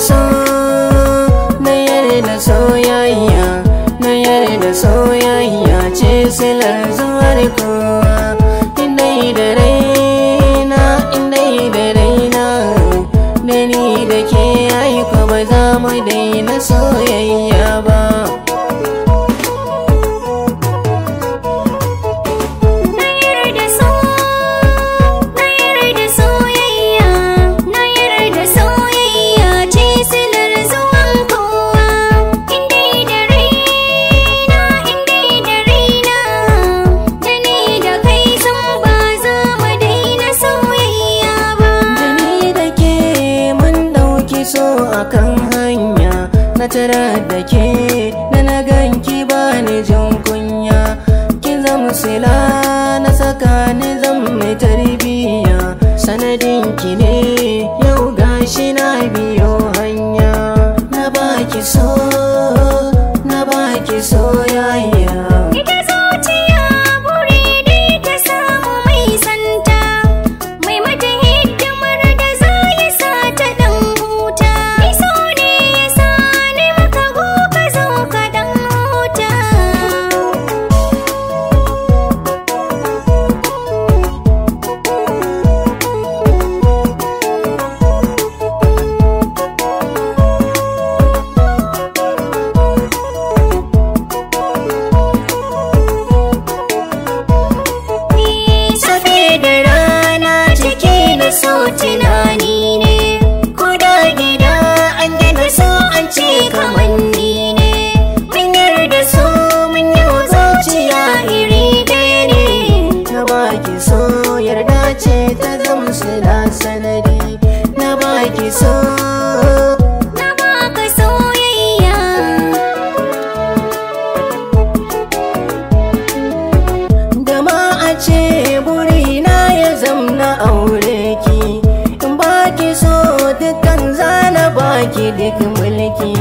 so na yarda soyayya na yarda soyayya ce silar zuwar kowa indai da raina indai da raina da ni da ke aiko ba za mu daina soyayya na tarar da ke da na ganki ba ni jin kunya kin zama sila na saka ni zan mai tarbiya sanadin ki ne yau gashi na biyo hanya na baki so na baki so yayi so tunani ne ko gida an gina su an ce kamanni ne mun yarda so mun yau zuciya iri ɗaya ne na baki so yarda ce ta zamsu na sanadi na baki so ki duk mulki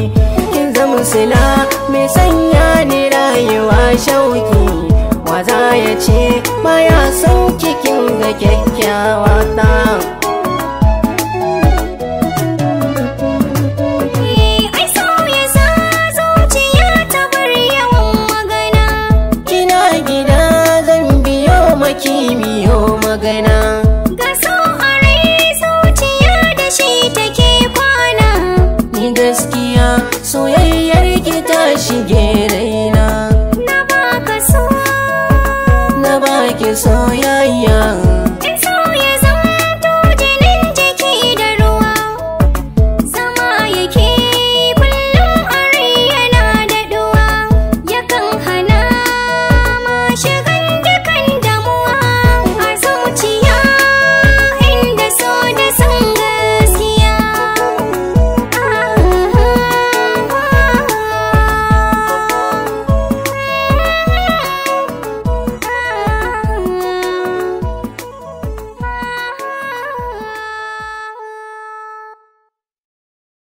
kin zama sila mai sanya ni rayuwa shauki wa za ya ce ya san kikin ga kyakkyawa ta Kimiyo magana yeah.